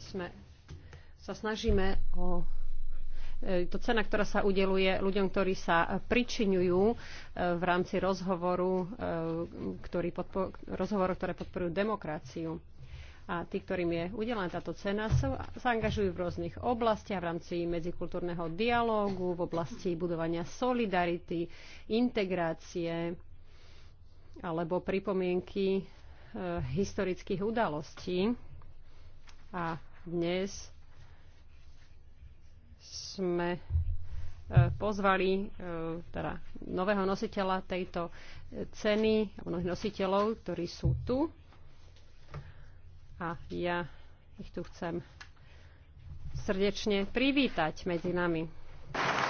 sme, sa snažíme o e, to cena, ktorá sa udeluje ľuďom, ktorí sa pričiňujú e, v rámci rozhovoru, e, ktorý podpo- rozhovoru, ktoré podporujú demokraciu. A tí, ktorým je udelená táto cena, sa, sa angažujú v rôznych oblastiach v rámci medzikultúrneho dialógu, v oblasti budovania solidarity, integrácie alebo pripomienky Eh, historických udalostí a dnes sme eh, pozvali eh, teda nového nositeľa tejto ceny, mnohých nositeľov, ktorí sú tu. A ja ich tu chcem srdečne privítať medzi nami.